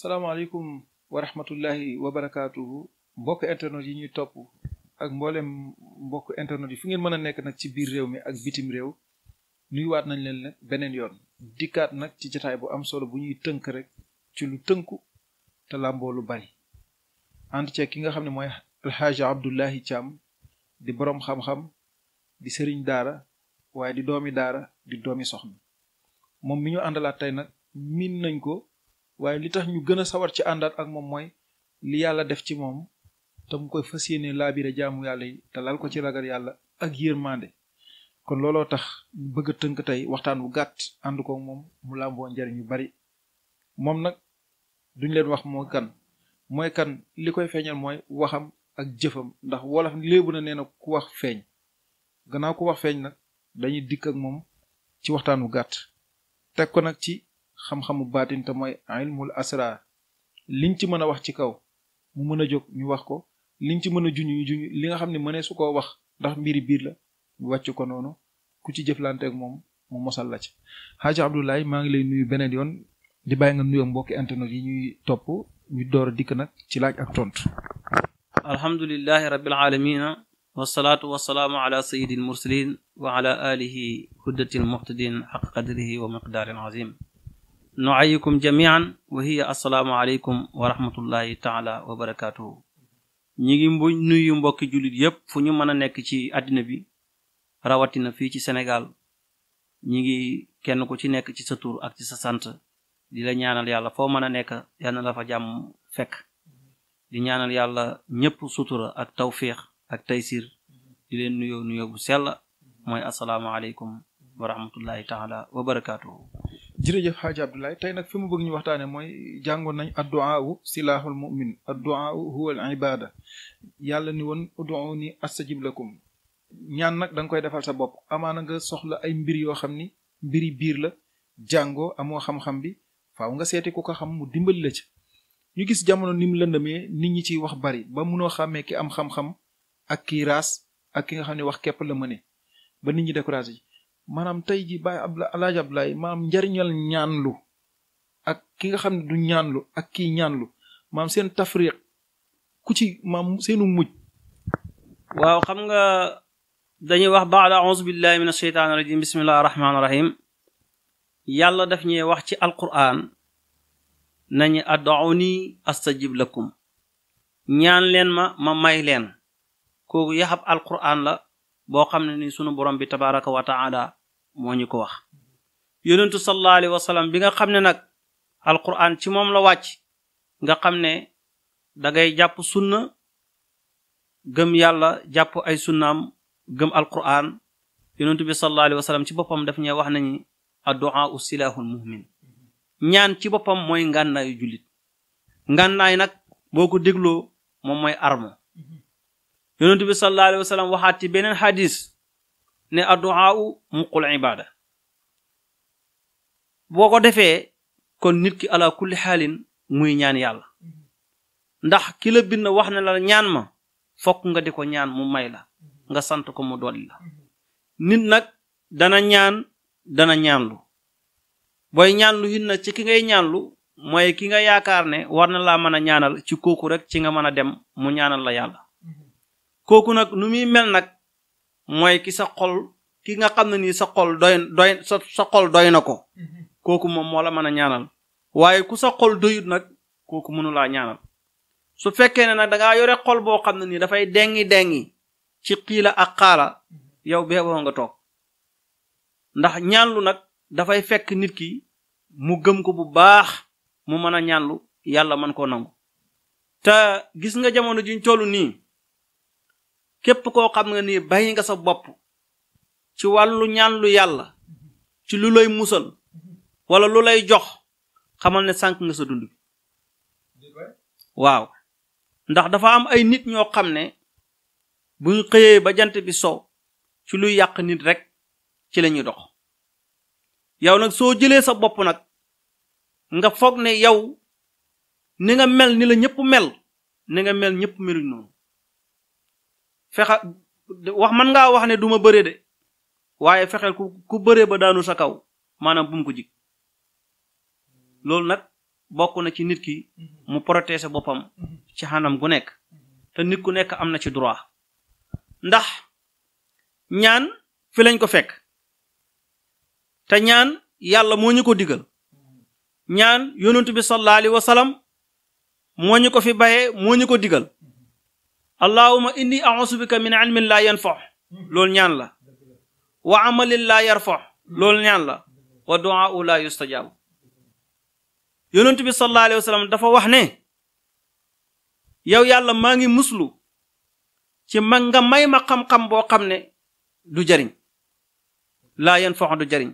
salaamaaleykum wa rahmatullahi wa barakaatuhu mbokk internet yi ñuy topp ak mboolem mbokk internet yi fu ngeen mën a nekk nag ci biir réew mi ak bitim réew nuyuwaat nañ leen nag beneen yoon dikkaat nag ci jataay bu am solo bu ñuy tënk rek ci lu tënku te làmboo lu bari ànd ceeg ki nga xam ne mooy alxaaja Abdullahi Thiam di boroom xam-xam di sëriñ daara waaye di doomi daara di doomi soxna moom mi ñu àndalaat tey nag miin nañ ko waaye li tax ñu gën a sawar ci àndaat ak moom mooy li yàlla def ci moom te mu koy fas yéene laabire jaamu yàlla yi te lal ko ci ragal yàlla ak yërmande kon looloo tax ñu bëgg tënk tey waxtaan wu gàtt ànd ko moom mu làmboo njariñ yu bari moom nag duñ leen wax moo kan mooy kan li koy feeñal mooy waxam ak jëfam ndax wolof léebu na nee na ku wax feeñ gannaaw ku wax feeñ nag dañuy dikk ak moom ci waxtaan wu gàtt teg ko nag ci xam-xamu baatin te mooy ilmul asraar liñ ci mën a wax ci kaw mu mën a jóg ñu wax ko liñ ci mën a juñu ñu juñu li nga xam ne mënee su koo wax ndax mbiri biir la wàcc ko noonu ku ci jëflanteeg moom mu mosal la ci. Hadji maa ngi lay nuyu beneen yoon di bàyyi nga nuyoo mbokki internet yi ñuy topp ñu door a dikk nag ci laaj ak tontu. alhamdulillahi rabbil aalamiina wasalaatu wasalaamu ala sayyidil mursalin wa ala alihi huddatil muhtadin xaq qadrihi wa miqdaaril azim nuayikum jamian wa hiya assalaamu aleykum wa rahmatullahi taala ñi ngi mbu nuyu mbokki jullit yépp fu ñu mën a nekk ci àddina bi rawatina fii ci Sénégal ñi ngi kenn ku ci nekk ci sa ak ci sa sant di la ñaanal yàlla foo mën a nekk yal na la fa jàmm fekk di ñaanal yàlla ñépp sutura ak tawfiix ak taysir di leen nuyoo nuyoo bu sell mooy assalaamu aleykum wa rahmatullahi taala jërëjëf xaaja Abdoulaye tey nag fi mu bëgg ñu waxtaane mooy jàngoon nañ a adduwaawu silaaxul mu'min adduwaawu huwa al ibaada yàlla ni woon ud'uuni astajib lakum ñaan nag danga koy defal sa bopp amaana nga soxla ay mbir yoo xam ni mbiri biir la jàngoo amoo xam-xam bi faaw nga seeti ku ko xam mu dimbali la ci ñu gis jamono ni mu lëndamee nit ñi ci wax bari ba munoo xàmmee ki am xam-xam ak kii raas ak ki nga xam ne wax képp la mëne ba nit ñi découragé maanaam tey ji Baye Abdoulaye El Hadj Abdoulaye maanaam njariñal ñaanlu ak ki nga xam ne du ñaanlu ak kii ñaanlu maam seen tafriq ku ci maam seenu mujj waaw xam nga dañuy wax baada auzu billahi min asheytaan rajim bismillahi rahmaani rahim yàlla daf ñuy wax ci alquran nañu ad'uuni astajib lakum ñaan leen ma ma may leen kooku yaxab alquran la boo xam ne ni sunu borom bi tabaraka wa taala moo ñu ko wax yonentu sallallahu alayhi wa bi nga xam ne nag alquran ci moom la wàcc nga xam ne dangay jàpp sunna gëm yàlla jàpp ay sunnaam gëm alquran yonentu bi sallallahu alayhi wa sallam ci boppam daf ñee wax nañu addu'a usilahul mu'min ñaan ci boppam mooy ngànnaayu jullit ngànnaay nag boo ko dégloo moom mooy armo yonent bi sallallahu alayhi wa waxaat ci beneen xadis ne addu'a muqul ibada boo ko defee kon nit ki ala kulli xaalin muy ñaan yàlla ndax ki la bind wax na la ñaan ma fokk nga di ko ñaan mu may la nga sant ko mu dolli la nit nag dana ñaan dana ñaanlu booy ñaanlu it nag ci ki ngay ñaanlu mooy ki nga yaakaar ne war na laa mën a ñaanal ci kooku rek ci nga mën a dem mu ñaanal la yàlla kooku nag nu muy mel nag mooy ki sa xol ki nga xam ne nii sa xol doy sa sa xol doy na ko kooku moom moo la mën a ñaanal waaye ku sa xol doyut nag kooku mënulaa ñaanal su fekkee na nag dangaa yore xol boo xam ne nii dafay dengi dengi ci xiila ak xaala yow beeboo nga toog ndax ñaanlu nag dafay fekk nit ki mu gëm ko bu baax mu mën a ñaanlu yàlla mën koo nangu te gis nga jamono jiñ tollu nii képp koo xam nga nii bàyyi nga sa bopp ci wàllu ñaan lu yàlla ci lu lay musal wala lu lay jox xamal ne sànq nga sa dund bi waaw ndax dafa am ay nit ñoo xam ne bu ñu xëyee ba jant bi sow ci luy yàq nit rekk ci la ñuy dox yow nag soo jëlee sa bopp nag nga foog ne yow ni nga mel ni la ñëpp mel ni nga mel ñëpp meluñ noonu fexa wax man ngaa wax ne duma ma bëre de waaye fexeel ku ku bëree ba daanu sa kaw maanaam bu ko jig loolu nag bokk na ci nit ki mu protéger boppam ci xanam gu nekk te nit ku nekk am na ci droit ndax ñaan fi lañ ko fekk te ñaan yàlla moo ñu ko digal ñaan yonent bi sallallahu alayhi moo ñu ko fi bayee moo ñu ko digal allahuma inni ausu bika min ilmin laa yanfa loolu ñaan la wa amalin laa yarfa loolu ñaan la wa duaau laa yustajaabu yonentu bi sallallahu alayhi wa dafa wax ne yow yàlla maa ngi muslu ci mag nga may ma xam boo xam ne du jariñ laa yanfaxo du jariñ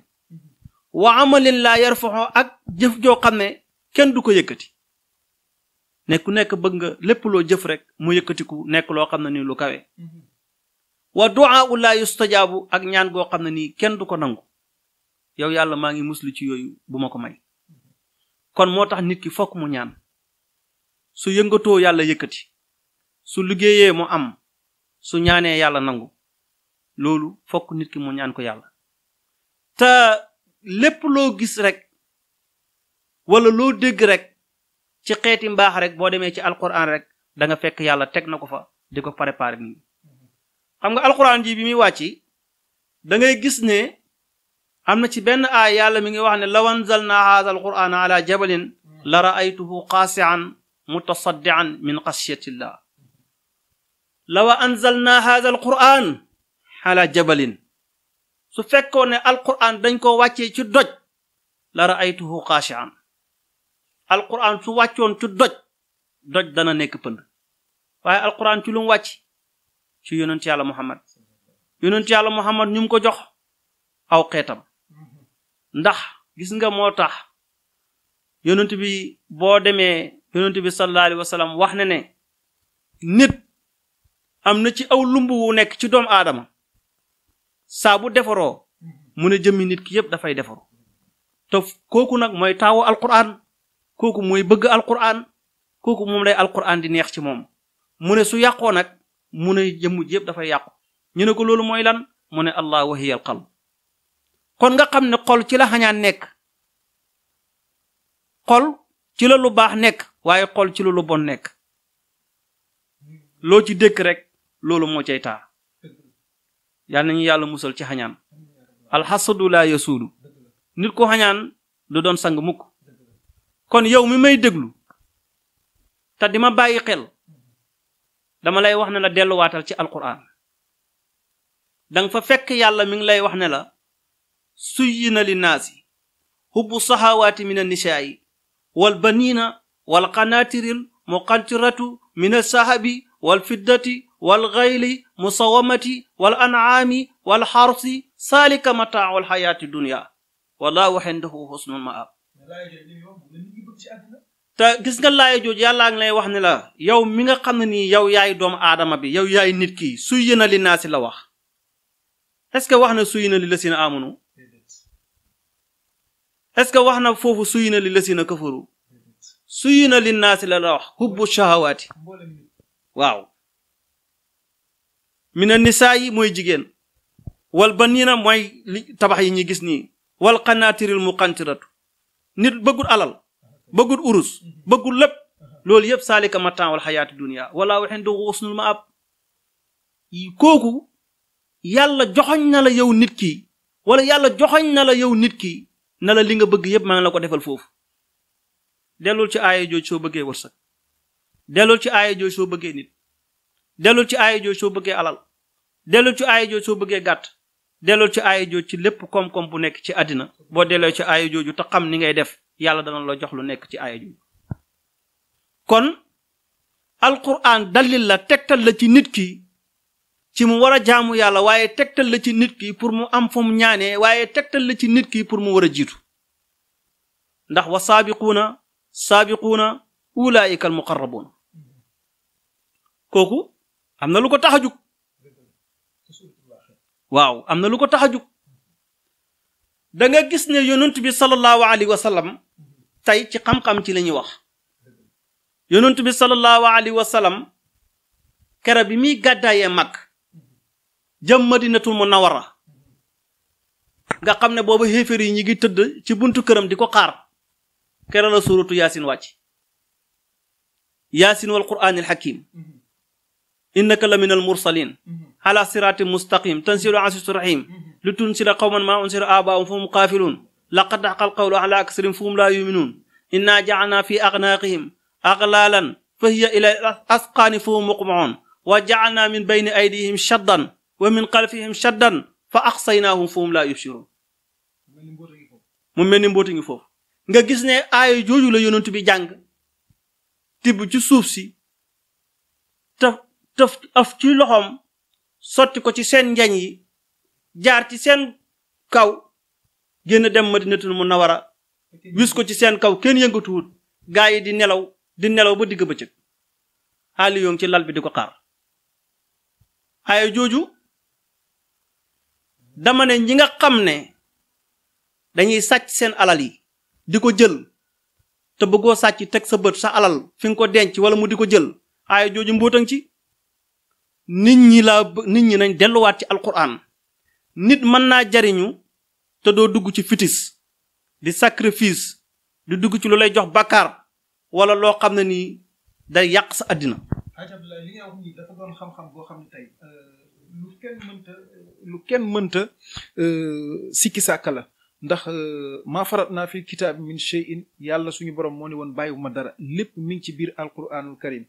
wa amalin laa yarfaxo ak jëf joo xam ne kenn du ko yëkkati nekku nekk bëgg nga lépp loo jëf rek mu yëkkatiku nekk loo xam ne ni lu kawe mm-hmm. wa duaa u laa yustajaabu ak ñaan goo xam ne nii kenn du ko nangu yow yàlla maa ngi muslu ci yooyu bu ma ko may mm-hmm. kon moo tax nit ki fokk mu ñaan su yëngatoo yàlla yëkkati su liggéeyee mu am su ñaanee yàlla nangu loolu fokk nit ki mu ñaan ko yàlla te lépp loo gis rek wala loo dégg rek ci xeeti mbaax rek boo demee ci alquran rek danga fekk yàlla teg na ko fa di ko préparer nii xam nga alquran ji bi muy wàcci dangay gis ne am na ci benn aay yàlla mi ngi wax ne law anzalna haadha alquran ala jabalin la ra'aytuhu qaasi'an mutasaddi'an min xasyatillah law anzalna haadha alquran ala jabalin su fekkoon ne alquran dañ ko wàccee ci doj la ra'aytuhu qaasi'an alquran su wàccoon ci doj doj dana nekk pënd waaye al ci lu mu wàcc ci yonent yàlla muhammad yonent yàlla muhammad ñu mu ko jox aw xeetam ndax gis nga moo tax yonent bi boo demee yonent bi sallallahu alayhi wa wax ne ne nit am na ci aw lumb wu nekk ci doomu aadama saa bu defaroo mu ne jëmmi nit ki yëpp dafay defaru te kooku nag mooy taawu alquran kooku mooy bëgg alquran kooku moom lay alquran di neex ci moom mu ne su yàqoo nag mu ne jëmm jépp dafay yàqu ñu ne ko loolu mooy lan mu ne allah wahiya al qalb kon nga xam ne xol ci la xañaan nekk xol ci la lu baax nekk waaye xol ci la lu bon nekk loo ci dëkk rek loolu moo cay taa yal nañu yàlla musal ci xañaan alxasadu laa yasuudu nit ku xañaan du doon sang mukk kon yow mi may déglu te di ma bàyyi xel dama lay wax ne la delluwaatal ci alquran danga fa fekk yàlla mi ngi lay wax ne la suyyina li naasi hubbu saxaawaati min annisaayi wal baniina wal qanaatiril muqantiratu min alsahabi wal fiddati wal xayli musawamati wal ancaami wal xarsi saalika mataacu alxayaati dunya wallahu indahu husnul maab te gis nga laaya jooju yàllaa lay wax ne la yow mi nga xam ne nii yow yaay doomu aadama bi yow yaay nit ki suyyina li naasi la wax est-ce que wax na suyyina li lasiina aamanu est-ce que wax na foofu suyyina li lasiina kafaru suyyina li naasi la la wax hubbu shahawaati waaw mina nisaa yi mooy jigéen wal baniina mooy li tabax yi ñuy gis nii wal qanaatiril muqantiratu nit bëggul alal bëggul urus bëggul lépp loolu yëpp saalika matan wal xayaati dunia wala waxen du xusnul ma ab kooku yàlla joxoñ na la yow nit ki wala yàlla joxoñ na la yow nit ki na la li nga bëgg yëpp maa ngi la ko defal foofu dellul ci aaya jooj soo bëggee wërsëg dellul ci aaya jooj soo bëggee nit dellul ci aaya soo bëggee alal dellul ci aaya jooj soo bëggee gàtt delloo ci aaya ci lépp koom-koom bu nekk ci àddina boo delloo ci aaya jooju te xam ni ngay def yàlla dana la jox lu nekk ci aaya kon alquran dalil la tegtal la ci nit ki ci mu war a jaamu yàlla waaye tegtal la ci nit ki pour mu am fu mu ñaanee waaye tegtal la ci nit ki pour mu war a jiitu ndax wa saabiquuna saabiquuna ulaika almuqarrabuun kooku am na lu ko tax waaw am na lu ko tax a jug da gis ne yonent bi sallallahu alayhi wa sallam tey ci xam-xam ci la ñuy wax yonent bi sallallahu alayhi wa sallam kere bi muy gàddaayee mag jëm madinatul munawara nga xam ne booba xéeféer yi ñi ngi tëdd ci buntu këram di ko xaar kere la yasin yaasin wàcc yaasin wal quraanil hakim mm-hmm. innaka la minal mursalin mm-hmm. ala sirati mustaqim tanzilu asisu rahim lu tunsila qawman maa unsila aabaahum fahum qaafiluun laqad xaqal qawlu ala aksarihim fahum laa yuminuun inna jacalnaa fi agnaaqihim aglaalan fa hiya ila asqaani fahum muqmacuun wa jacalnaa min bayni aydihim shaddan wa min xalfihim shaddan fa axsaynaahum fahum laa yubsiruun mu mel ni mbóoti ngi foofu nga gis ne aaya jooju la yonent bi jàng tibb ci suuf si taf taf af ci loxoom sotti ko ci seen njañ yi jaar ci seen kaw génn dem madinatul munawara wis ko ci seen kaw kenn yëngatuwut gaa yi di nelaw di nelaw ba digg bëccëg xaali yongi ci lal bi di ko xaar aaye jooju dama ne ñi nga xam ne dañuy sàcc seen alal yi di ko jël te bëggoo sàcc teg sa bët sa alal fi nga ko denc wala mu di ko jël aaye jooju mbóotan ci nit ñi laa nit ñi nañ delluwaat ci alquran nit mën naa jariñu te doo dugg ci fitis di sacrifice di dugg ci lu lay jox bakkaar wala loo xam ne nii day yàq sa àddina li boo xam euh, lu kenn mënta lu kenn euh, sikki sàkka la ndax euh, maa farat naa fi kitaab min shay'in yàlla suñu borom moo ne woon bàyyiwuma dara lépp mi ngi ci biir alquranul karim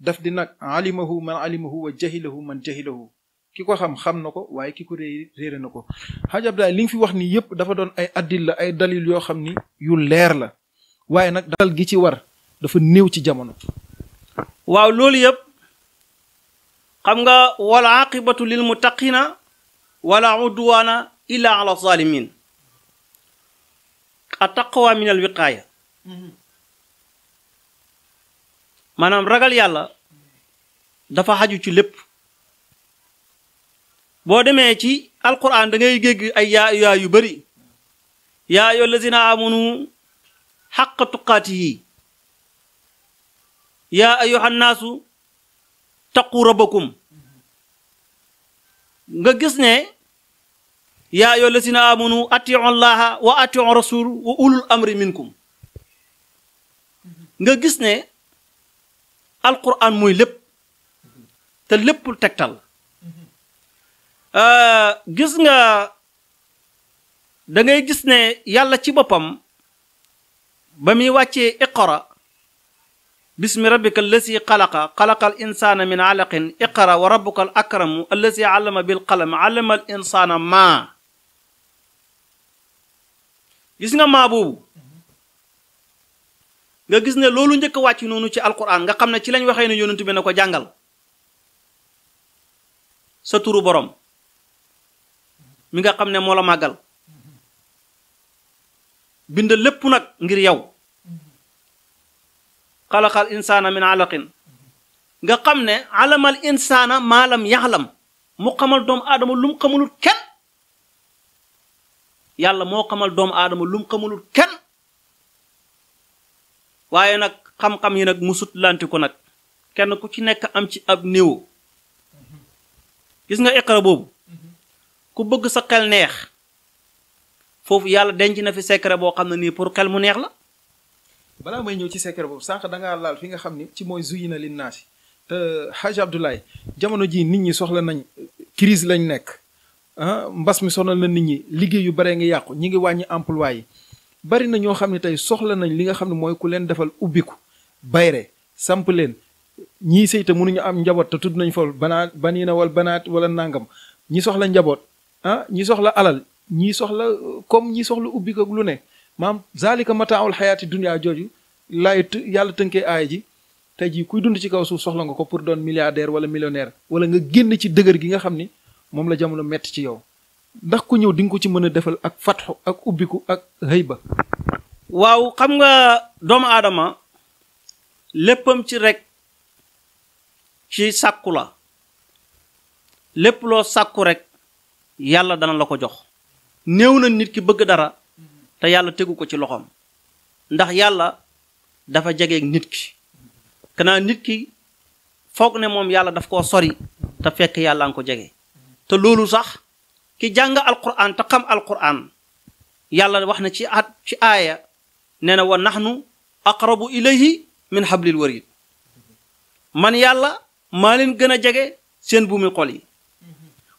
def di nag alimahu man alimahu man jahilahu ki ko xam xam na ko waaye ki ko réer réere na ko xaaj Abdoulaye li nga fi wax ni yëpp dafa doon ay addil la ay dalil yoo xam ni yu leer la waaye nag dal gi ci war dafa néew ci jamono waaw loolu yëpp xam nga wala aqibatu lil muttaqina wala udwana illa ala zalimin ataqwa min al maanaam ragal yàlla dafa xaju ci lépp boo demee ci alquran da ngay gégg ay yaa yaa yu bari yaa ayyuha allazina amanu xaqa tuqaatihi yaa ayyuha nnaasu taqu rabbakum nga gis ne yaa ayyuha allazina amanu atiu allaha wa atiu rasul wa ulul amri minkum nga gis ne alquran mooy lépp te léppul tegtal euh, gis nga dangay gis ne yàlla ci boppam ba muy wàccee iqra bismi rabbika allazi xalaqa xalaqa al min alaqin iqra wa rabbuka al akramu allazi allama bil maa gis nga maa nga gis ne loolu njëkk a noonu ci alquran nga xam ne ci lañ waxee ne yonent bi ne ko jàngal sa turu borom mi nga xam ne moo la màggal bind lépp nag ngir yow xalaqal insaana min alaqin nga xam ne alamal insaana maalam yaxlam mu xamal doomu aadama lum xamalul kenn yàlla moo xamal doomu aadama lum xamalul kenn waaye nag xam-xam yi nag mu sutlanti ko nag kenn ku ci nekk am ci ab niveau gis nga iqra boobu ku bëgg sa xel neex foofu yàlla denc na fi secret boo xam ne nii pour xel mu neex la. balaa mooy ñëw ci secret boobu sànq dangaa ngaa laal fi nga xam ni ci mooy na linnaasi te Hadj Abdoulaye jamono jii nit ñi soxla nañ crise lañ nekk ah, mbas mi sonal na nit ñi liggéey yu bare ngi yàqu ñi ngi wàññi emploi yi bari na ñoo xam ne tey soxla nañ li nga xam ne mooy ku leen defal ubbiku bayre samp leen ñii sëy mënuñu am njaboot te tudd nañ fol banaat baniina wal banaat wala nangam ñi soxla njaboot ah ñi soxla alal ñi soxla comme ñi soxla ubbi lu ne maam zalika mataaul xayaati dunia jooju laay yàlla tënkee aay ji tey jii kuy dund ci kaw suuf soxla nga ko pour doon milliardaire wala millionnaire wala nga génn ci dëgër gi nga xam ni moom la jamono metti ci yow ndax ku ñëw di nga ko ci mën a defal ak fatxu ak ubbiku ak hëyba waaw xam nga doomu aadama léppam ci rekk ci sàkku la lépp loo sàkku rek yàlla dana la ko jox néew na nit ki bëgg dara te yàlla tegu ko ci loxoom ndax yàlla dafa jegeeg nit ki kanaa nit ki foog ne moom yàlla daf koo sori te fekk yàlla nga ko jege te loolu sax ki jàng alquran te xam alquran yàlla wax na ci at ci aaya nee na wa nahnu aqrabu ilayhi min hablil warid man yàlla maa leen gën a jege seen buumi xol yi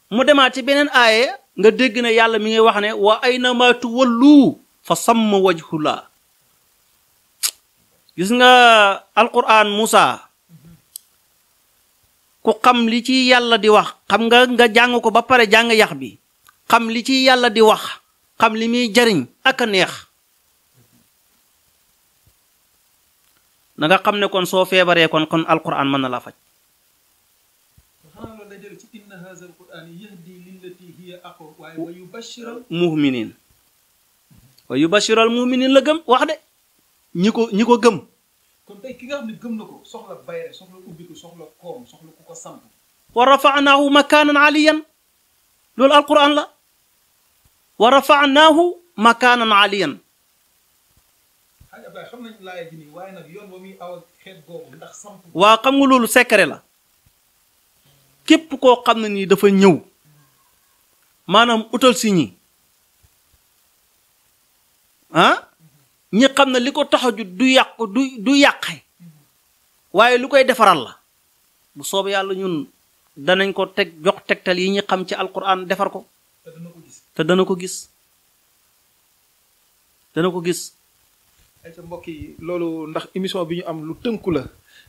mu demaat ci beneen aaya nga dégg na yàlla mi ngi wax ne wa aynama tuwallu fa samma wajhullah gis nga alquran Moussa ku xam li ci yàlla di wax xam nga nga jàng ko ba pare jàng yax bi xam li ci yàlla di wax xam li muy jariñ ak a neex na xam ne kon soo feebaree kon kon alquran mën na la faj muuminiin wa yubashiral muuminiin la gëm wax de ñi ko ñi ko gëm kon tey makaanan aliyan loolu alquran la wa rafanaahu makaanan aliyan waa xam nga loolu secret la képp koo xam ne nii dafa ñëw maanaam utal si ñi ah ñi xam na li ko tax a jut du yàq du du yàqe waaye lu koy defaral la bu soob yàlla ñun danañ ko teg jox tegtal yi ñi xam ci alquran defar ko te dana ko gis dana ko gis. mbokk yi loolu ndax émission bi ñu am lu tënku la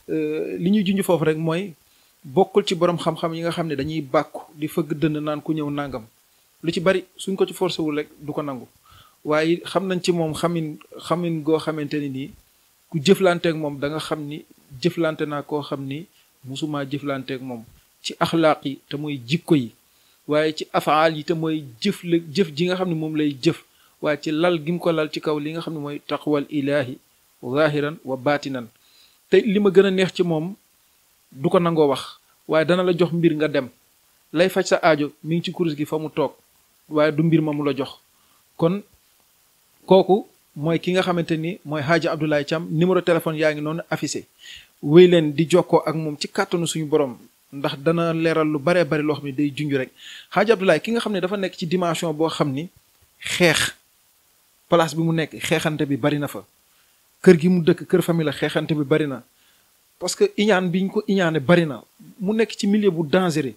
euh, li ñuy junj foofu rek mooy bokkul ci borom xam-xam yi nga xam ne dañuy bàkku di fëgg dënn naan ku ñëw nangam lu ci bari suñ ko ci forcé wul rek du ko nangu waaye xam nañ ci moom xamin xamin goo xamante ni nii ku jëflanteeg moom danga xam ni jëflante naa koo xam ni musumaa jëflanteeg moom ci axlaaq yi te muy jikko yi. waaye ci afaal yi te mooy jëf la jëf ji nga xam ne moom lay jëf waaye ci lal gi mu ko lal ci kaw li nga xam ne mooy taqwal ilaahi zahiran wa baatinan te li ma gën a neex ci moom du ko nangoo wax waaye dana la jox mbir nga dem lay faj sa ajo mi ngi ci kurus gi fa mu toog waaye du mbir ma mu la jox kon kooku mooy ki nga xamante ni mooy Hadji Abdoulaye Thiam numéro téléphone yaa ngi noonu affiché wéy leen di jokkoo ak moom ci kàttanu suñu borom ndax dana leeral lu baree bari loo xam ne day junj rek xaaji Abdoulaye ki nga xam ne dafa nekk ci dimension boo xam ni xeex place bi mu nekk xeexante bi bari na fa kër gi mu dëkk kër famille xeexante bi bari na parce que iñaan bi ñu ko iñaane bari na mu nekk ci millier bu dangereux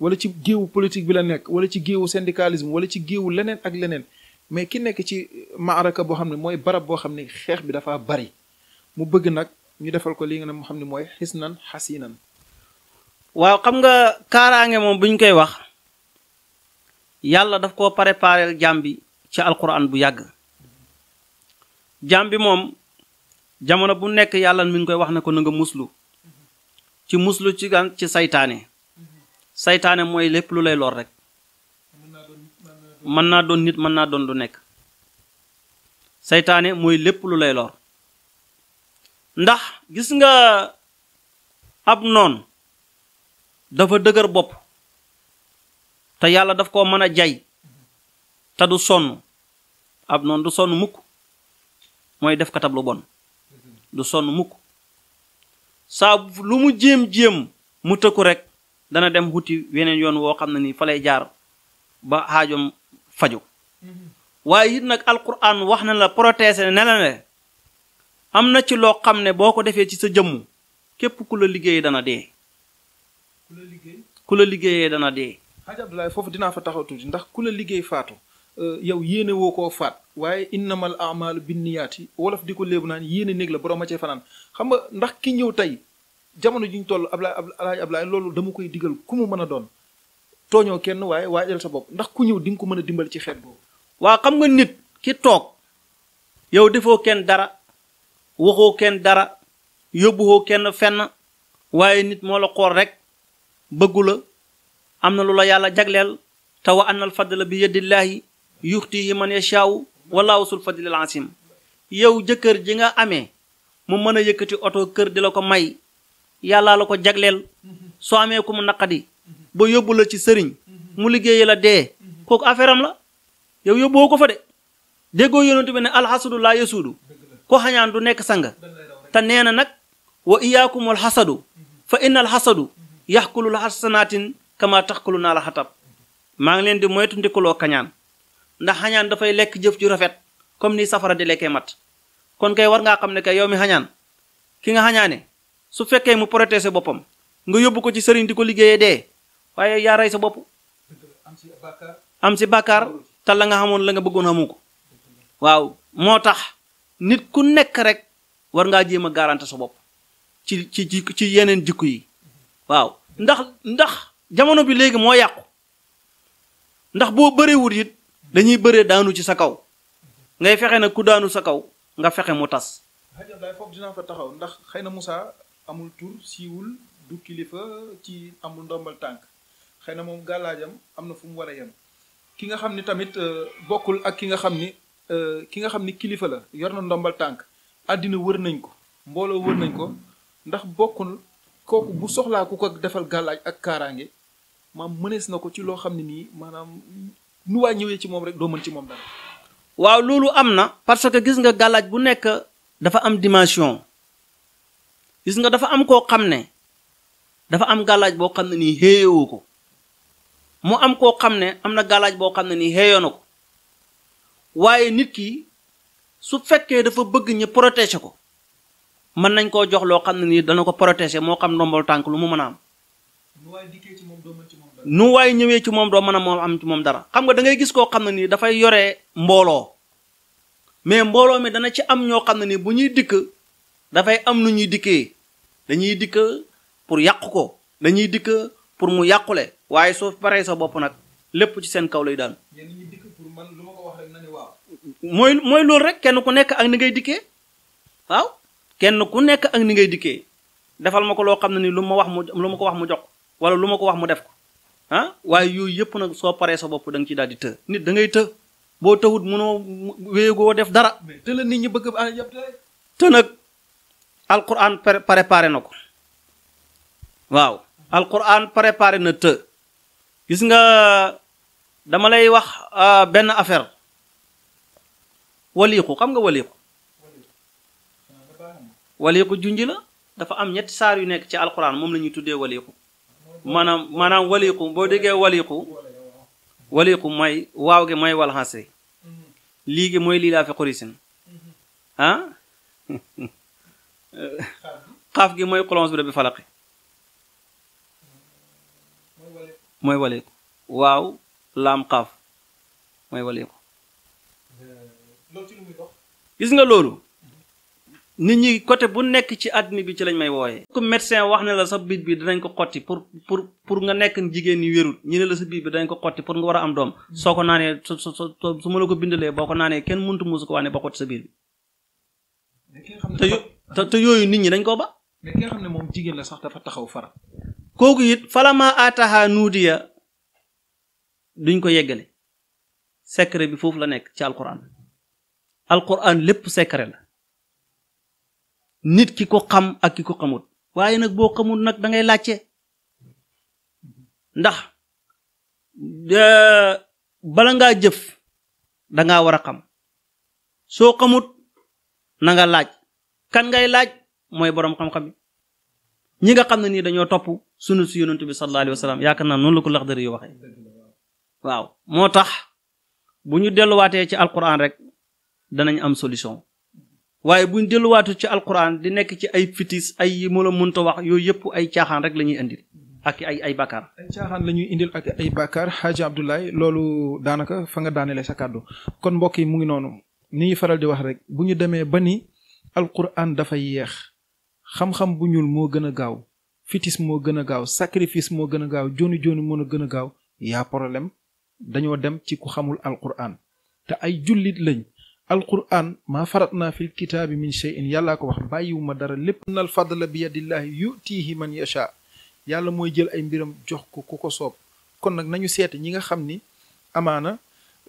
wala ci géewu politique bi la nekk wala ci géewu syndicalisme wala ci géewu leneen ak leneen mais ki nekk ci maaraka boo xam ne mooy barab boo xam ne xeex bi dafa bari mu bëgg nag ñu defal ko li nga moo xam ne mooy xisnan xasinan waaw xam nga kaaraange moom bu ñu koy wax yàlla daf koo prépareel jaam bi ci alquran bu yàgg jaam bi moom jamono bu nekk yàlla mu ngi koy wax ne ko na nga muslu ci muslu ci gan ci saytaane saytaane mooy lépp lu lay loor rek mën naa doon nit mën naa doon lu nekk saytaane mooy lépp lu lay lor ndax gis nga ab noon dafa dëgër bopp te yàlla daf koo mën a jay te du sonn ab noonu du sonn mukk mooy def katab lu bon du sonn mukk saa lu mu jéem-jéem mu tëkku rek dana dem wuti weneen yoon woo xam ne ni fa jaar ba xaajoom faju waaye it nag alquran wax na la protéger ne am na ci loo xam ne boo ko defee ci sa jëmm képp ku la liggéey dana dee ku la liggéey ku la liggéeyee dana dee. Hadj Abdoulaye foofu dinaa fa taxaw tuuti ndax ku la liggéey faatu euh, yow yéene woo koo faat waaye innamal amalu binniyaati wolof di ko léebu naan yéene néeg la borom a fanaan xam ndax ki ñëw tey jamono ji ñu toll Ablaye Alaaji Ablaye loolu dama koy digal ku mu mën a doon tooñoo kenn waaye waajal sa bopp ndax ku ñëw di nga ko mën a dimbali ci xeet boobu. waa xam nga nit ki toog yow defoo kenn dara waxoo kenn dara yóbbuwoo kenn fenn waaye nit moo la xool rek. bëggula am na lu la yàlla jagleel te wa annal fadla bi yadillaahi yuxtihi man yashaawu wallaahu sul fadlil asim yow jëkkër ji nga amee mu mën a yëkkati oto kër di la ko may yàllaa la ko jagleel soo amee ku mu naqadi ba yóbbu la ci sëriñ mu liggéeyee la dee kooku affaire am la yow yóbboo ko fa de déggoo yonentu bi ne alxasadu laa yasuudu ko xañaan du nekk sanga te nee na nag wa iyaakumul xasadu fa innal xasadu yaxkulu la xasanaatin kama taxkulu naa la xatab maa ngi leen di moytu ndikuloo kañaan ndax xañaan dafay lekk jëf ju rafet comme ni safara di lekkee mat kon kay war ngaa xam ne kay yow mi xañaan ki nga xañaane su fekkee mu sa boppam nga yóbbu ko ci sëriñ di ko liggéeye dee waaye yaa rey sa bopp am si bàkkaar te la nga xamoon la nga bëggoon xamu ko waaw moo tax nit ku nekk rek war ngaa jéem a garante sa bopp ci ci ci yeneen jikko yi waaw ndax ndax jamono bi léegi moo yàqu ndax boo bëreewul it dañuy bëree daanu ci sa kaw ngay fexe na ku daanu sa kaw nga fexe mu tas. Abdoulaye dinaa fa taxaw ndax xëy na Moussa amul tur siiwul du kilifa ci amul ndombal tànk xëy na moom gàllaajam am na fu mu war a yem ki nga xam ni tamit euh, bokkul ak ki nga xam ni euh, ki nga xam ni kilifa la yor na ndombal tànk àddina wër nañ ko mbooloo wër nañ ko ndax bokkul. kooku bu soxlaa ku ko defal gàllaaj ak kaaraange maam mënees na ko ci loo xam ne nii maanaam nu waa ñëwee ci moom rek doo mën ci moom dara. waaw loolu am na. parce que gis nga gàllaaj bu nekk dafa am dimension gis nga dafa am koo xam ne dafa am gàllaaj boo xam ne nii xéeyoo ko mu am koo xam ne am na gàllaaj boo xam ne nii xéeyoo na ko waaye nit ki su fekkee dafa bëgg ñu protéger ko. mën nañ koo jox loo xam ne nii dana ko protéger moo xam ndombal tànk lu mu mën a am. nu waaye ñëwee ci moom doo mën a moom am ci moom dara xam nga dangay ngay gis koo xam ne nii dafay yore mbooloo mais mbooloo mi dana ci am ñoo xam ne nii bu ñuy dikk dafay am nu ñuy dikkee dañuy dikk pour yàq ko dañuy dikk pour mu yàqule waaye soo paree sa bopp nag lépp ci seen kaw lay daan. mooy mooy loolu rek kenn ku nekk ak ni ngay dikkee waaw. kenn ku nekk ak ni ngay dikkee defal ma ko loo xam ne ni lu ma wax mu lu ma ko wax mu jox wala lu ma ko wax mu def ko ah waaye yooyu yëpp nag soo paree sa bopp da nga ciy daal di të nit da të boo tëwut mënoo wéyegoo def dara nit ñi bëgg a ah, yëpp te nag alquran préparé na ko waaw alquran préparé na të gis nga dama lay wax ah, benn affaire waliiku xam nga waliiku waliiqu junj la dafa am ñetti saar yu nekk ci alquran moom la ñuy tuddee waliiqu maanaam maanaam waliiqu boo déggee waliiqu waliiqu mooy waaw gi mooy wal xasri lii gi mooy lii laa fi xurisin ah xaaf gi mooy xolons bi rabbi falaqi mooy waliiqu waaw laam xaaf mooy waliiqu gis nga loolu nit ñi côté bu nekk ci àddina bi ci lañ may wooye ku médecin wax ne la sa biir bi dinañ ko xotti pour pour pour nga nekk jigéen ñi wérul ñu ne la sa biir bi dinañ ko xotti pour nga war a am doom hmm. soo ko naanee su su su ma la ko bindalee boo ko naanee kenn mënut musu ko wax ne ba xotti sa biir bi. te yooyu nit ñi dañ koo ba. mais ki nga xam ne moom jigéen la sax dafa taxaw fara. kooku it falama ataha nuudiya duñ ko yeggale secret bi foofu la nekk ci alquran alquran lépp secret la. nit ki ko xam ak ki ko xamut waaye nag boo xamut nag da ngay laajte ndax eh, bala ngaa jëf da war a xam soo xamut na nga laaj kan ngay laaj mooy boroom xam-xam ñi nga xam ne nii dañoo topp sunu si yonent bi sallallahu alayhi wa sallam yaakaar naa noonu la ko Laxdari yu waxee waaw moo tax bu ñu delluwaatee ci alquran rek danañ am solution waaye buñ delluwaatu ci alquran di nekk ci ay fitis ay yi mu la yooyu yëpp ay caaxaan rek la ñuy indil ak ay ay bakkaar. ay la ñuy indil ak ay bakkaar Hadji Abdoulaye loolu daanaka fa nga daanelee sa kàddu kon mbokk yi mu ngi noonu ni ñuy faral di wax rek bu ñu demee ba ni alquran dafa yéex xam-xam bu ñuul moo gën a gaaw fitis moo gën a gaaw sacrifice moo gën a gaaw jonni joni mën a gën a gaaw yaa problème dañoo dem ci ku xamul alquran te ay jullit lañ. alquran maa farat naa fil kitaabi min cheyin yàllaa ko wax bàyyiwuma dara lépp nal fadla bi yadillahi yutihi man yasha yàlla mooy jël ay mbiram jox ko ku ko soob kon nag nañu seete ñi nga xam ni amaana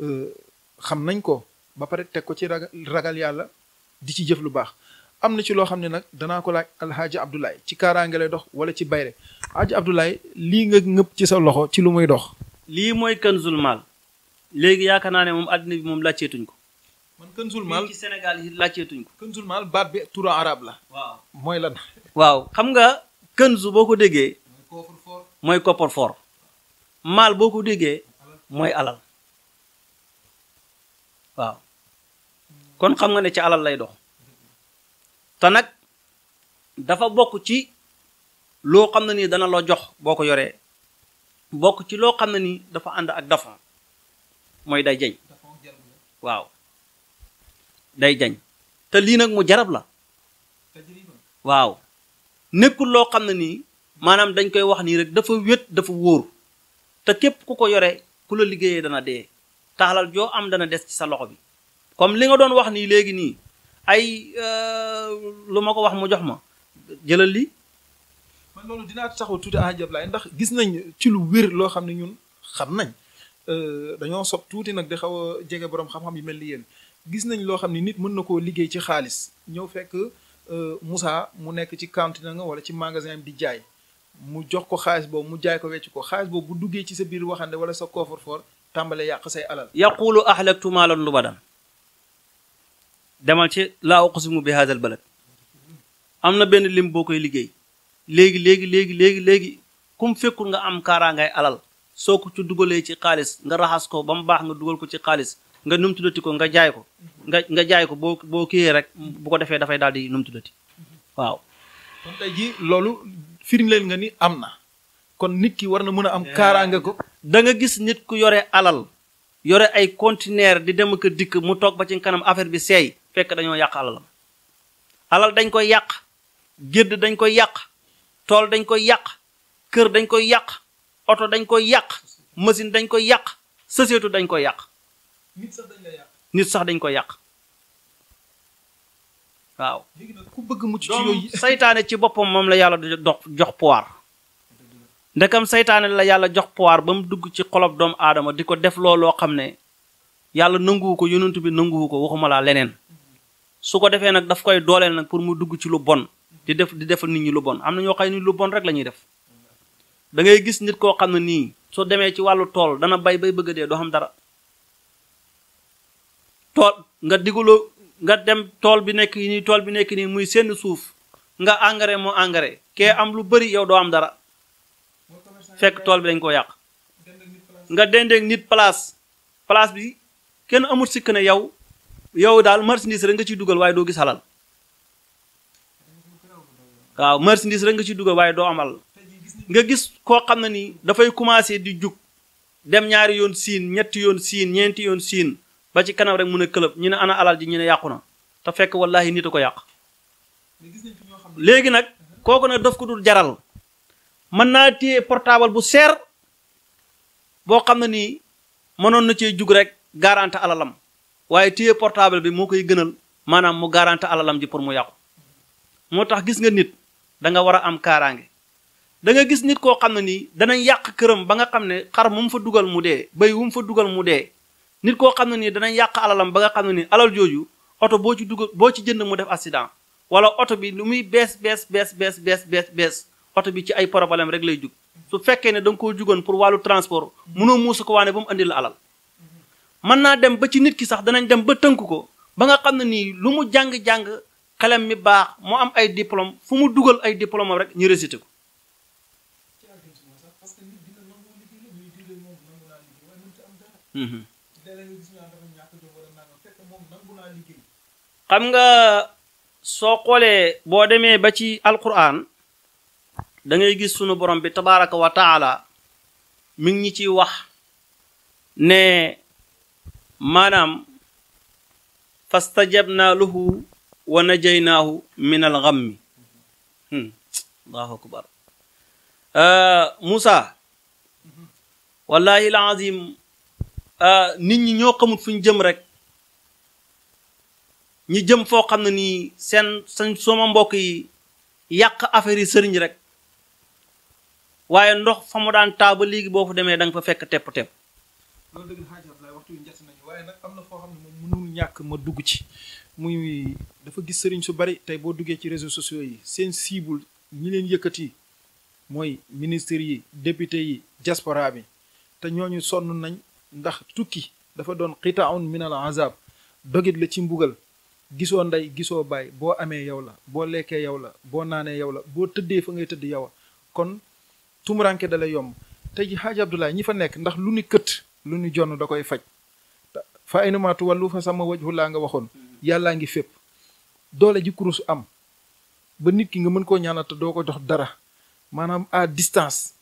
euh, xam nañ ko ba pare teg ko ci ragal yàlla di ci jëf lu baax am na ci loo xam ne nag danaa ko laaj alhaaji abdoulaye ci kaaraange dox wala ci bayre haaji abdoulaye lii nga ngëpp ci sa loxo ci lu muy dox lii mooy kanzul maal léegi yaakaar naa ne moom àddina bi moom làcceetuñ ko man Kanzul Maal ci Sénégal yi laajteetuñ ko. Kanzul Maal baat bi turu arab la. waaw mooy lan. waaw xam nga Kanzu boo ko déggee. mooy coffre mooy coffre-fort. Maal boo ko déggee mooy alal waaw kon xam nga ne ci alal lay dox te nag dafa bokk ci loo xam ne ni dana loo jox boo ko yoree bokk ci loo xam ne ni dafa ànd ak dafa mooy day jeñ waaw. day jañ te lii nag mu jarab la waaw nekkul loo xam ne nii maanaam dañ koy wax nii rek dafa wét dafa wóor te képp ku ko yore ku la liggéeyee dana dee taalal joo am dana des ci sa loxo bi comme li nga doon wax nii léegi nii ay euh, lu ma ko wax mu jox ma jëlal lii man loolu dinaa taxaw tuuti ah Jablaay ndax gis nañ ci lu wér loo xam ne ñun xam nañ euh, dañoo sob tuuti nag di xaw a jege boroom xam-xam yu mel ni yéen gis nañ loo xam ne nit mën na koo liggéey ci xaalis ñëw fekk euh, Moussa mu nekk ci cantine nga wala ci magasin di jaay mu jox ko xaalis boobu mu jaay ko wecc ko xaalis boobu bu duggee ci sa biir waxande wala sa coffre-fort tàmbale yàq say alal yaqulu ahlaktu maalan lubadan demal ci laa uqsimu bi haadal balad am na benn lim boo koy liggéey léegi léegi léegi léegi léegi kum fekkul nga am kaaraangay alal soo ko ci dugalee ci xaalis nga raxas ko ba mu baax nga dugal ko ci xaalis nga num ko nga jaay ko nga nga jaay ko boo boo kiiyee rek bu ko defee dafay daal di num tuddati waaw. kon tey jii loolu firndeel nga ni am na. kon nit ki war na mën a am kaaraange ko. Eh, da nga gis nit ku yore alal yore ay conteneur di dem ko dikk mu toog ba ci kanam affaire bi seey fekk dañoo yàq alalam alal dañ koy yàq gédd dañ koy yàq tool dañ koy yàq kër dañ koy yàq oto dañ koy yàq machine dañ koy yàq société dañ koy yàq. nit sax dañ sax dañ ko yàq waaw. léegi bëgg mucc ci yooyu. ci boppam moom la yàlla dox jox pouvoir ndekam saytaane la yàlla jox pouvoir ba mu dugg ci xolob doomu aadama di ko def looloo xam ne yàlla nanguwu ko yonent bi nanguwu ko waxuma laa leneen su ko defee nag daf koy dooleel nag pour mu dugg ci lu bon. di def di defal nit ñi lu bon am na ñoo xam ne lu bon rek la ñuy def da gis nit koo xam ne nii soo demee ci wàllu tool dana bay bay bëgg a dee doo xam dara tool nga diguloo nga dem tool bi nekk nii tool bi nekk nii muy seen suuf nga engrais moo engrais kee am lu bari yow doo am dara fekk tool bi dañ ko yàq nga dendeeg nit place place bi kenn amul sikk ne yow yow daal marchandise rek nga ciy dugal waaye doo gis alal waaw marchandise nga ciy dugal waaye doo am alal nga gis koo xam ne ni dafay commencé di jug dem ñaari yoon siin ñetti yoon siin ñeenti yoon siin ba ci kanam rek mu ne këlëb ñu ne ana alal ji ñu ne yàqu na te fekk wallahi nit a ko yàq léegi nag kooku ne daf ko dul jaral mën naa téye portable bu seer boo xam ne nii mënoon na cee jug rek garante alalam waaye téye portable bi moo koy gënal maanaam mu garante alalam ji pour mu yàqu moo tax gis nga nit da nga war a am kaaraange danga gis nit koo xam ne nii danañ yàq këram ba nga xam ne xar mu fa dugal mu dee béy wu fa dugal mu dee nit koo xam ne nii danañ yàq alalam ba nga xam ne nii alal jooju oto boo ci dugg boo ci jënd mu def accident wala oto bi lu muy bees bees bees bees bees bees bees oto bi ci ay problème rek lay jug su fekkee ne da nga koo jugoon pour wàllu transport mënoo muusu ko waane ba mu indi la alal mën naa dem ba ci nit ki sax danañ dem ba tënk ko ba nga xam ne nii lu mu jàng-jàng xelam mi baax mu am ay diplôme fu mu dugal ay diplôme rek ñu récité ko mm xam nga soo xoolee boo demee ba ci alquraan da ngay gis sunu borom bi tabaraka wa taala mi ngi ciy wax ne maanaam fastajabna lahu wa najaynaahu min al ghammi hmm. allahu akbar euh, Moussa wallahi al azim Euh, nit ñi ñoo xamut fu ñu jëm rek ñi jëm foo xam ne nii seen seen sama mbokk yi yàq affaire yi sëriñ rek waaye ndox fa mu daan taaba ba léegi boo fa demee da nga fa fekk tepp-tepp. loolu dëgg xaaj nañu waaye nag am na foo xam ne moom mënul ñàkk ma dugg ci muy dafa gis sëriñ su bari tey boo duggee ci réseau sociaux yi seen cible ñi leen yëkkati mooy ministre yi député yi diaspora bi te ñooñu sonn nañ. ndax tukki dafa doon qitaaun min al azab dogit la ci mbugal gisoo ndey gisoo baay boo amee yow la boo lekkee yow la boo naanee yow la boo tëddee fa ngay tëdd yow kon tumuranke da lay yomb te ji xaaja Abdoulaye ñi fa nekk ndax lu ni kët lu ni jonn da koy faj fa ay numaatu fa sama wajhu laa nga waxoon yàllaa ngi fépp doole ji kurus am ba nit ki nga mën koo ñaanal te doo ko dox dara maanaam à distance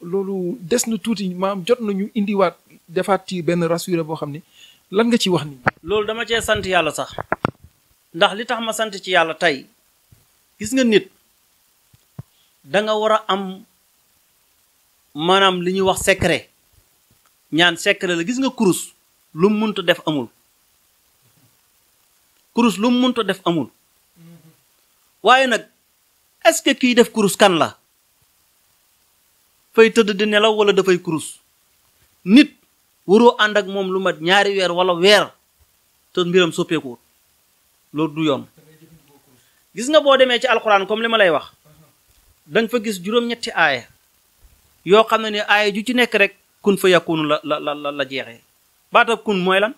loolu des na tuuti maam jot nañu indiwaat defaat ci benn rassuré boo xam ne lan nga ci wax ni loolu dama cee sant yàlla sax ndax li tax ma sant ci yàlla tey gis nga nit da nga war a am maanaam li ñuy wax secret ñaan secret la gis nga kurus lu mu mënta def amul kurus lu mu def amul mm-hmm. waaye nag est que kiy def kurus kan la dafay tëdd di nelaw wala dafay kurus nit waroo ànd ak moom lu mat ñaari weer wala weer te mbiram soppeekuwut loolu du yoon gis nga boo demee ci alxuraan comme li ma lay wax danga fa gis juróom-ñetti aaya yoo xam ne ne aaya ju ci nekk rek kun fa yakunu la la la la jeexee baatab kun mooy lan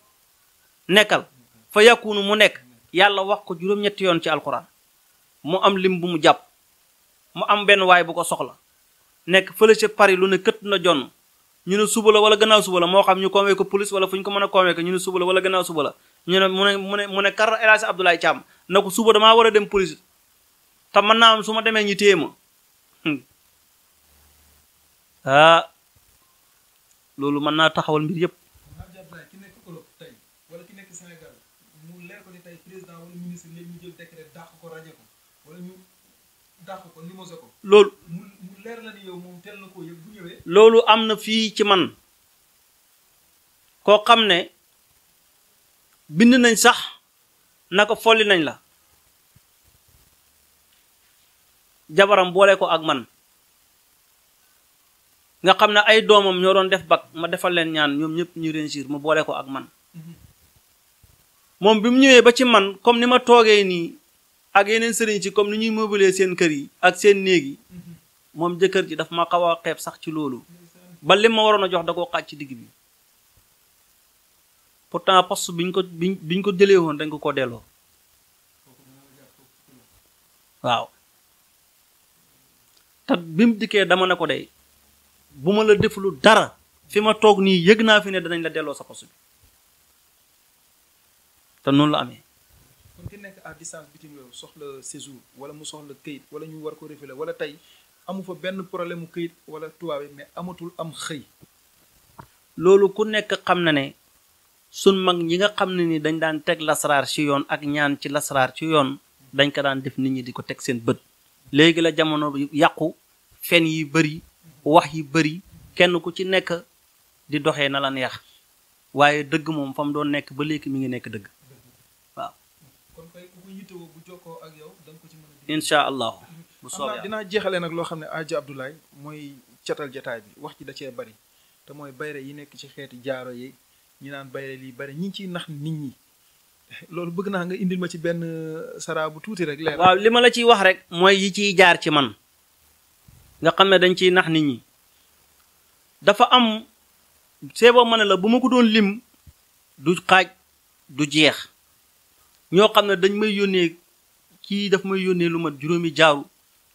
nekkal fa yakunu mu nekk yàlla wax ko juróom-ñetti yoon ci alxuraan mu am lim bu mu jàpp mu am benn waay bu ko soxla nekk fële ca Paris lu ne kët na jonn ñu ne suba la wala gannaaw suba la moo xam ñu convoqué ko police wala fu ñu ko mën a ko ñu ne suba la wala gannaaw suba la ñu ne mu ne mu ne kar El Hadj Abdoulaye Thiam na ko suba damaa war a dem police te man naa am su ma demee ñu téye ma hmm. ah, mën naa taxawal mbir yépp loolu loolu am na fii ci man koo xam ne bind nañ sax naka folli nañ la jabaram boole ko ak man nga xam ne ay doomam ñoo doon def bac ma defal leen ñaan ñoom ñëpp ñu réussir mu boole ko ak man moom bi mu ñëwee ba ci man comme ni ma toogee nii ak yeneen sëriñ si comme ni ñuy mobilee seen kër yi ak seen néeg yi moom jëkkër ji daf ma xaw a xeeb sax ci loolu ba li ma waroon a jox da koo xaaj ci digg bi pourtant bi biñ ko bi biñ ko jëlee woon dañ ko ko delloo waaw te bi mu dikkee dama ne ko dey bu ma la deflu dara fi ma toog nii yëg naa fi ne danañ la delloo sa poste bi te noonu la amee. nekk à distance bitim réew soxla séjour wala mu soxla këyit wala ñu war ko révéler wala tey. amu fa benn problème mu këyit wala tubaab mais amatul am xëy. loolu ku nekk xam na ne sun mag ñi nga xam ne ni dañ daan teg lasaraar ci yoon ak ñaan ci lasaraar ci yoon dañ ko daan def nit ñi di ko teg seen bët. léegi la jamono yàqu fen yi bari wax yi bëri kenn ku ci nekk di doxe na la neex waaye dëgg moom fa mu doon nekk ba léegi mu ngi nekk dëgg waaw. bu soobee dinaa jeexale nag loo xam ne Adja Abdoulaye mooy catal jataay wax ci da cee bari te mooy bayre yi nekk ci xeeti jaaro yi ñu naan bayre lii bari ñi ngi ciy nax nit ñi loolu bëgg naa nga indil ma ci benn uh, saraa bu tuuti rek. waaw li ma la ciy wax rek. mooy yi ciy jaar ci man nga xam ne dañ ciy nax nit ñi dafa am seeboo ma ne la bu ma ko doon lim du xaaj du jeex ñoo xam ne dañ may yónnee kii daf may yónnee lu mat juróomi jaaru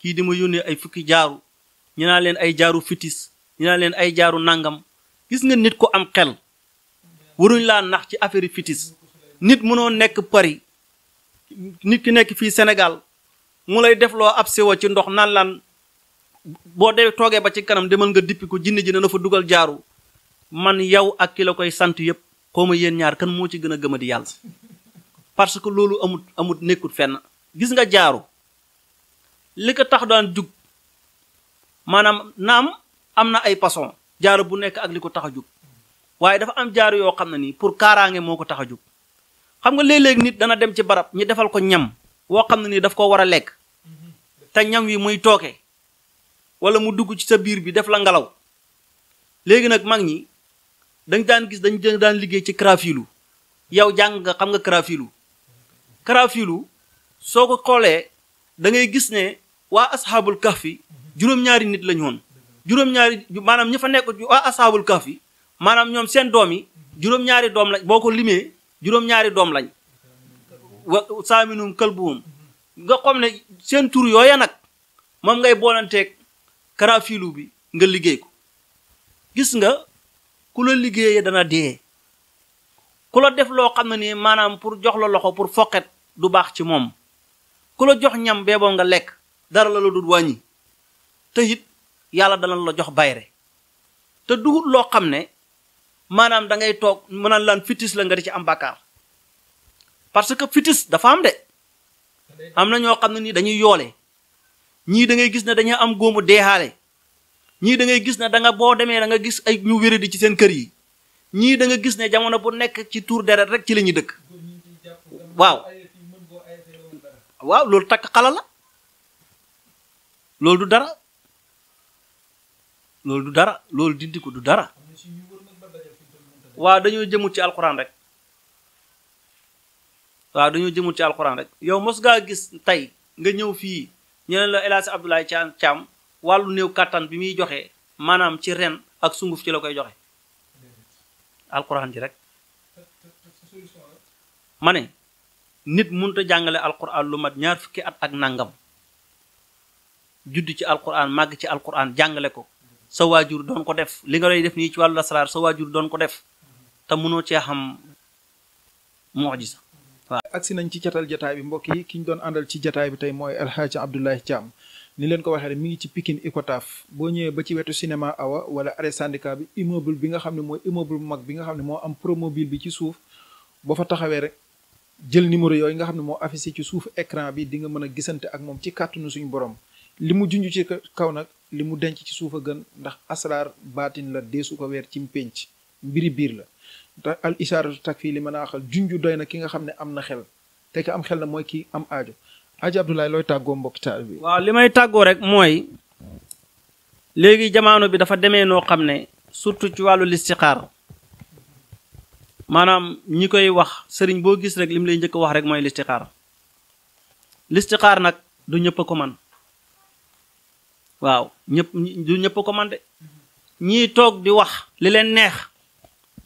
kii di ma yónnee ay fukki jaaru ñu leen ay jaaru fitis ñu leen ay jaaru nàngam gis nga nit ko am xel waruñ laa nax ci affaire fitis nit mënoo nekk Paris nit ki nekk fii senegal mu lay def loo ab sewo ci ndox naan laan boo dee toogee ba ci kanam demal nga dippi ko jinne ji na fa dugal jaaru man yow ak ki koy sant yëpp xaw ma yéen ñaar kan moo ci gën a gëma di yàlla parce que loolu amut amut nekkut fenn gis nga jaaru li ko tax daan jug maanaam naam am na ay pason jaaro bu nekk ak li ko tax a jug waaye dafa am jaaro yoo xam ne nii pour kaaraange moo ko tax a jug xam nga léeg nit dana dem ci barab ñu defal ko ñam woo xam na nii daf ko war a lekk te ñam wi muy tooke wala mu dugg ci sa biir bi def la ngelaw léegi nag mag ñi dañ daan gis dañ daan liggéey ci crafilu yow jàng nga xam nga crafilu crafilu soo ko xoolee dangay gis ne waa asxaabul kahfi juróom-ñaari nit lañu woon juróom-ñaari maanaam ñi fa nekk waa asxaabul kahfi maanaam ñoom seen doom yi juróom-ñaari doom lañ boo ko limee juróom-ñaari doom lañ wa saaminum kalbuhum nga xam ne seen tur yooya nag moom ngay boolanteeg karafilu bi nga liggéey ko gis nga ku la liggéeyee dana di ku la def loo xam ne nii maanaam pour jox la loxo pour foqet du baax ci moom ku la jox ñam beeboo nga lekk dara la la dul wàññi te it yàlla dana la jox bayre te dugut loo xam ne maanaam da ngay toog mën a laan fitis la nga di ci am bàkkaar parce que fitis dafa am de am na ñoo xam ne nii dañuy yoole ñii da ngay gis ne dañuy am góomu deexaale ñii da ngay gis ne danga boo demee da nga gis ay ñu wéradi ci seen kër yi ñii da nga gis ne jamono bu nekk ci tuur deret rek ci la ñuy dëkk waaw waaw loolu takk xala la loolu du dara loolu du dara loolu dindi ko du dara waa dañoo jëmul ci alxuraan rek waaw dañoo yow mos ngaa gis tey nga ñëw fii ñeneen la El Hadj Abdoulaye Thiam wàllu néew kàttan bi muy joxe maanaam ci ren ak sunguf ci la koy joxe alxuraan ji rek ma ne nit mënut a jàngale alxuraan lu mat ñaar fukki at ak nangam. judd ci alquran màgg ci alquran jàngale ko sa waajur doon ko def li nga lay def nii ci wàllu asraar sa waajur doon ko def te mënoo cee xam mucjisa waaw agsi nañ ci catal jataay bi mbokk yi ki ñu doon àndal ci jataay bi tey mooy alxaaji Abdoulaye Thiam ni leen ko waxee rek mi ngi ci Pikine Icotaf boo ñëwee ba ci wetu cinéma awa wala arrêt syndicat bi immeuble bi nga xam ne mooy immeuble bu mag bi nga xam ne moo am promobile bi ci suuf boo fa taxawee rek jël numéro yooyu nga xam ne moo affiché ci suuf ecran bi dinga mën a gisante ak moom ci kàttanu suñu borom li mu junju ci kaw nag li mu denc ci suuf a gën ndax asraar baatin la deesu ko weer ci pénc mbiri biir la te al isaaratu takfi li ma a xal junj doy na ki nga xam ne am na xel te ki am xel na mooy ki am ajo aajo Abdoulaye looy tàggoo mbokki bi waaw li may tàggoo rek mooy léegi jamaano bi dafa demee noo xam ne surtout ci wàllu listixaar maanaam ñi koy wax sëriñ boo gis rek li mu lay njëkk wax rek mooy listixaar listixaar nag du ñëpp ko man waaw ñëpp du ñëpp ko man de ñii toog di wax li leen neex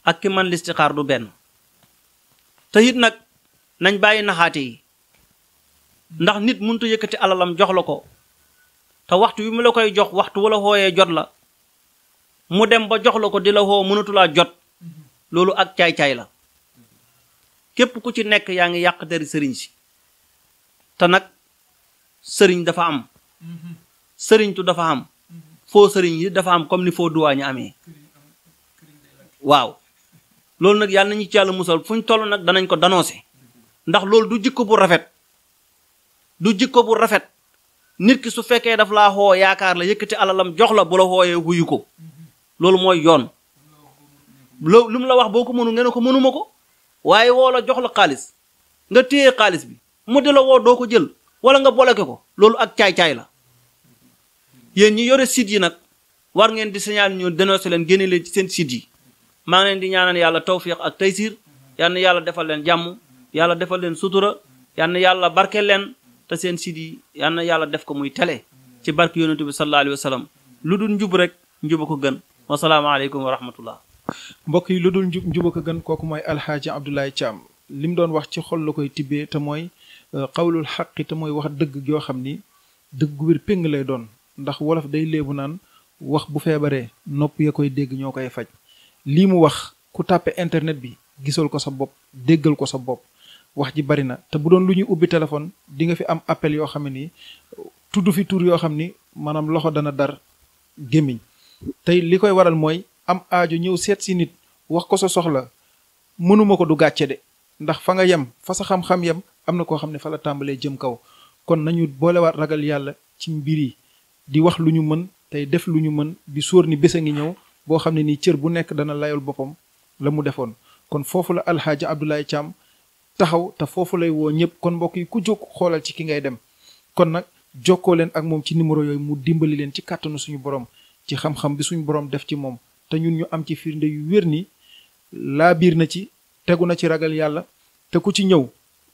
ak ki man listixaar du benn te it nag nañ bàyyi naxaate yi ndax nit mënut yëkkati alalam jox la ko te waxtu wi mu la koy jox waxtu wala xooyee jot la mu dem ba jox la ko di la xoo mënatulaa jot loolu ak caay-caay la képp ku ci nekk yaa ngi yàq deri sëriñ si te nag sëriñ dafa am tu dafa am foo sëriñ yi dafa am comme ni foo duwaañu amee waaw loolu nag yàlla nañu ci yàlla musal fu ñu toll nag danañ ko dénoncé ndax loolu du jikko bu rafet du jikko bu rafet nit ki su fekkee daf laa xoo yaakaar la yëkkati alalam jox la bu la xooyee wuyu ko loolu mooy yoon lu mu la wax boo ko mënu ngeen ko mënuma ko waaye woo la jox la xaalis nga téye xaalis bi mu di la woo doo ko jël wala nga boloke ko loolu ak caay-caay la yéen ñi yore site yi nag war ngeen di signaler ñu dénoncé leen génne leen ci seen site yi maa ngi leen di ñaanal yàlla tawfiq ak taysiir yal yàlla defal leen jàmm yàlla defal leen sutura yal na yàlla barkeel leen te seen site yi yàlla def ko muy tele ci barke yonent bi sallallahu alayhi wa lu dul njub rek njuba ko gën wasalaamaaleykum wa rahmatullah mbokk yi lu dul njub njub ko gën kooku mooy alxaaji Abdoulaye Thiam li mu doon wax ci xol la koy tibbee te mooy xawlul euh, xaqi te mooy wax dëgg joo xam ni dëgg gu wér péng lay doon ndax wolof day léebu naan wax bu feebaree nopp ya koy dégg ñoo koy faj lii mu wax ku tàppe internet bi gisal ko sa bopp déggal ko sa bopp wax ji bari na te bu doon lu ñuy ubbi téléphone di nga fi am appel yoo xam ne nii tudd fi tur yoo xam ni maanaam loxo dana dar gémmiñ tey li koy waral mooy am aajo ñëw seet si nit wax ko sa soxla mënuma ko du gàcce de ndax fa nga yem fa sa xam-xam yem am na koo xam ne fa la tàmbalee jëm kaw kon nañu boolewaat ragal yàlla ci mbir yi di wax lu ñu mën tey def lu ñu mën bi sóor ni bés a ngi ñëw boo xam ne nii cër bu nekk dana layol boppam la mu defoon kon foofu la alxaaji Abdoulaye Thiam taxaw te foofu lay woo ñëpp kon mbokk yi ku jóg xoolal ci ki ngay dem kon nag jokkoo leen ak moom ci numéro yooyu mu dimbali leen ci kàttanu suñu borom ci xam-xam bi suñu borom def ci moom te ñun ñu am ci firnde yu wér ni laa biir na ci tegu na ci ragal yàlla te ku ci ñëw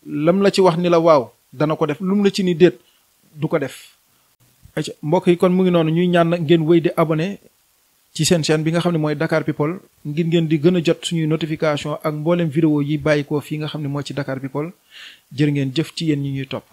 lam la ci wax ni la waaw dana ko def lum la ci ni du ko def ac mbokk yi kon mu ngi noonu ñuy ñaan nag ngeen wéy di abonné ci seen chaîne bi nga xam ne mooy Dakar People ngir ngeen di gën a jot suñuy notification ak mbooleem vidéo yi bàyyi fii nga xam ne moo ci Dakar People jër ngeen jëf ci yéen ñi ñuy topp